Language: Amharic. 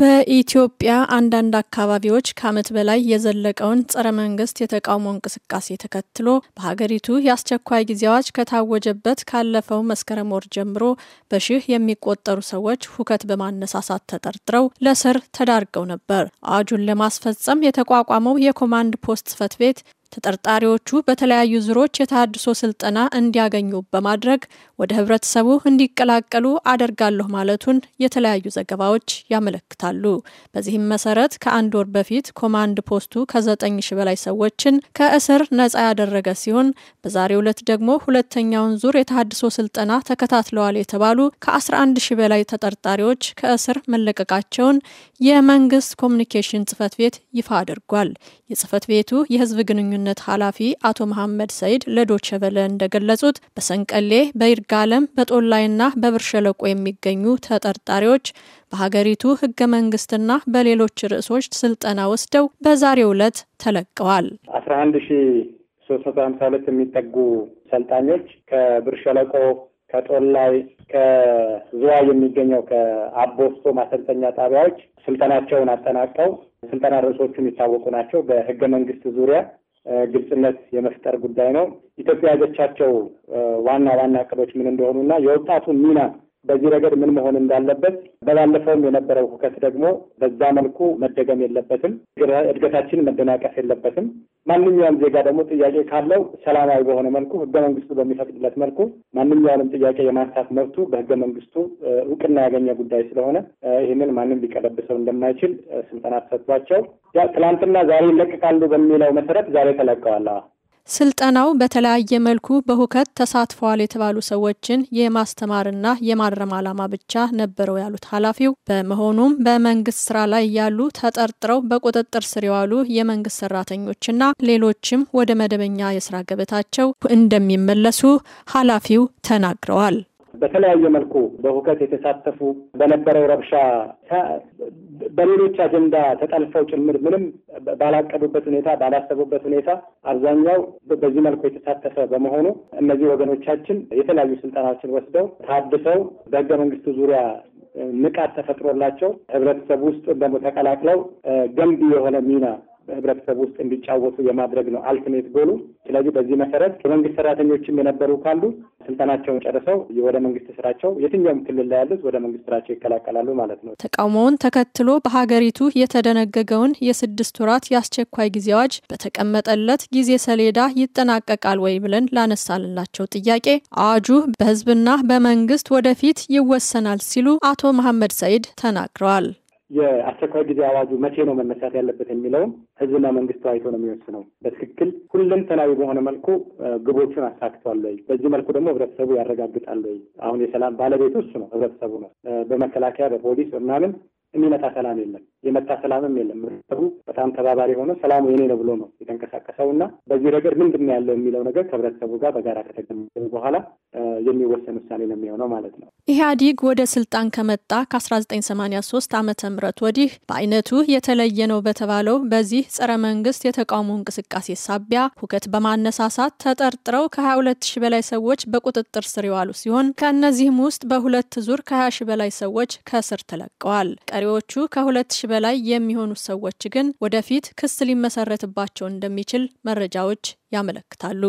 በኢትዮጵያ አንዳንድ አካባቢዎች ከዓመት በላይ የዘለቀውን ጸረ መንግስት የተቃውሞ እንቅስቃሴ ተከትሎ በሀገሪቱ የአስቸኳይ ጊዜ አዋጅ ከታወጀበት ካለፈው መስከረም ወር ጀምሮ በሺህ የሚቆጠሩ ሰዎች ሁከት በማነሳሳት ተጠርጥረው ለስር ተዳርገው ነበር። አዋጁን ለማስፈጸም የተቋቋመው የኮማንድ ፖስት ጽፈት ቤት ተጠርጣሪዎቹ በተለያዩ ዙሮች የተሃድሶ ስልጠና እንዲያገኙ በማድረግ ወደ ህብረተሰቡ እንዲቀላቀሉ አደርጋለሁ ማለቱን የተለያዩ ዘገባዎች ያመለክታሉ። በዚህም መሰረት ከአንድ ወር በፊት ኮማንድ ፖስቱ ከዘጠኝ ሺ በላይ ሰዎችን ከእስር ነጻ ያደረገ ሲሆን በዛሬው ዕለት ደግሞ ሁለተኛውን ዙር የተሃድሶ ስልጠና ተከታትለዋል የተባሉ ከ11 ሺ በላይ ተጠርጣሪዎች ከእስር መለቀቃቸውን የመንግስት ኮሚኒኬሽን ጽህፈት ቤት ይፋ አድርጓል። የጽህፈት ቤቱ የህዝብ ግንኙ ግንኙነት ኃላፊ አቶ መሐመድ ሰይድ ለዶቸበለ እንደገለጹት በሰንቀሌ፣ በይርጋለም፣ በጦላይና በብር ሸለቆ የሚገኙ ተጠርጣሪዎች በሀገሪቱ ህገ መንግስትና በሌሎች ርዕሶች ስልጠና ወስደው በዛሬው ዕለት ተለቀዋል። አስራ አንድ ሺ ሶስት መቶ ሀምሳ ሁለት የሚጠጉ ሰልጣኞች ከብር ሸለቆ ከጦላይ ከዝዋ የሚገኘው ከአቦስቶ ማሰልጠኛ ጣቢያዎች ስልጠናቸውን አጠናቀው ስልጠና ርዕሶቹ የሚታወቁ ናቸው። በህገ መንግስት ዙሪያ ግልጽነት የመፍጠር ጉዳይ ነው። ኢትዮጵያ ያዘቻቸው ዋና ዋና እቅዶች ምን እንደሆኑና የወጣቱን ሚና በዚህ ረገድ ምን መሆን እንዳለበት በባለፈውም የነበረው ሁከት ደግሞ በዛ መልኩ መደገም የለበትም። እድገታችን መደናቀፍ የለበትም። ማንኛውም ዜጋ ደግሞ ጥያቄ ካለው ሰላማዊ በሆነ መልኩ ህገ መንግስቱ በሚፈቅድለት መልኩ ማንኛውንም ጥያቄ የማንሳት መብቱ በህገ መንግስቱ እውቅና ያገኘ ጉዳይ ስለሆነ ይህንን ማንም ሊቀለብሰው እንደማይችል ስልጠና ተሰጥቷቸው ትናንትና ዛሬ ይለቀቃሉ በሚለው መሰረት ዛሬ ተለቀዋል። ስልጠናው በተለያየ መልኩ በሁከት ተሳትፈዋል የተባሉ ሰዎችን የማስተማርና የማረም ዓላማ ብቻ ነበረው ያሉት ኃላፊው፣ በመሆኑም በመንግስት ስራ ላይ ያሉ ተጠርጥረው በቁጥጥር ስር የዋሉ የመንግስት ሰራተኞችና ሌሎችም ወደ መደበኛ የስራ ገበታቸው እንደሚመለሱ ኃላፊው ተናግረዋል። በተለያየ መልኩ በሁከት የተሳተፉ በነበረው ረብሻ በሌሎች አጀንዳ ተጠልፈው ጭምር ምንም ባላቀዱበት ሁኔታ ባላሰቡበት ሁኔታ አብዛኛው በዚህ መልኩ የተሳተፈ በመሆኑ እነዚህ ወገኖቻችን የተለያዩ ስልጠናዎችን ወስደው ታድሰው በህገ መንግስቱ ዙሪያ ንቃት ተፈጥሮላቸው ህብረተሰብ ውስጥ ደግሞ ተቀላቅለው ገንቢ የሆነ ሚና ህብረተሰብ ውስጥ እንዲጫወቱ የማድረግ ነው አልቲሜት ጎሉ። ስለዚህ በዚህ መሰረት የመንግስት ሰራተኞችም የነበሩ ካሉ ስልጠናቸውን ጨርሰው ወደ መንግስት ስራቸው የትኛውም ክልል ላይ ያሉት ወደ መንግስት ስራቸው ይቀላቀላሉ ማለት ነው። ተቃውሞውን ተከትሎ በሀገሪቱ የተደነገገውን የስድስት ወራት የአስቸኳይ ጊዜ አዋጅ በተቀመጠለት ጊዜ ሰሌዳ ይጠናቀቃል ወይ ብለን ላነሳልላቸው ጥያቄ አዋጁ በህዝብና በመንግስት ወደፊት ይወሰናል ሲሉ አቶ መሐመድ ሰይድ ተናግረዋል። የአስቸኳይ ጊዜ አዋጁ መቼ ነው መነሳት ያለበት የሚለውም ህዝብና መንግስት ተዋይቶ ነው የሚወስነው። በትክክል ሁለንተናዊ በሆነ መልኩ ግቦቹን አሳክቷል ወይ፣ በዚህ መልኩ ደግሞ ህብረተሰቡ ያረጋግጣል ወይ። አሁን የሰላም ባለቤቱ እሱ ነው፣ ህብረተሰቡ ነው። በመከላከያ በፖሊስ በምናምን የሚመጣ ሰላም የለም፣ የመጣ ሰላምም የለም። ህብረተሰቡ በጣም ተባባሪ ሆኖ ሰላሙ የኔ ነው ብሎ ነው የተንቀሳቀሰው እና በዚህ ረገድ ምንድን ነው ያለው የሚለው ነገር ከህብረተሰቡ ጋር በጋራ ከተገመገሙ በኋላ የሚወሰን ውሳኔ ነው የሚሆነው ማለት ነው። ኢህአዲግ ወደ ስልጣን ከመጣ ከ1983 ዓመተ ምህረት ወዲህ በአይነቱ የተለየ ነው በተባለው በዚህ ጸረ መንግስት የተቃውሞ እንቅስቃሴ ሳቢያ ሁከት በማነሳሳት ተጠርጥረው ከ22 ሺ በላይ ሰዎች በቁጥጥር ስር የዋሉ ሲሆን ከእነዚህም ውስጥ በሁለት ዙር ከ20 ሺ በላይ ሰዎች ከእስር ተለቀዋል። ቀሪዎቹ ከ2 ሺ በላይ የሚሆኑ ሰዎች ግን ወደፊት ክስ ሊመሰረትባቸው እንደሚችል መረጃዎች ያመለክታሉ።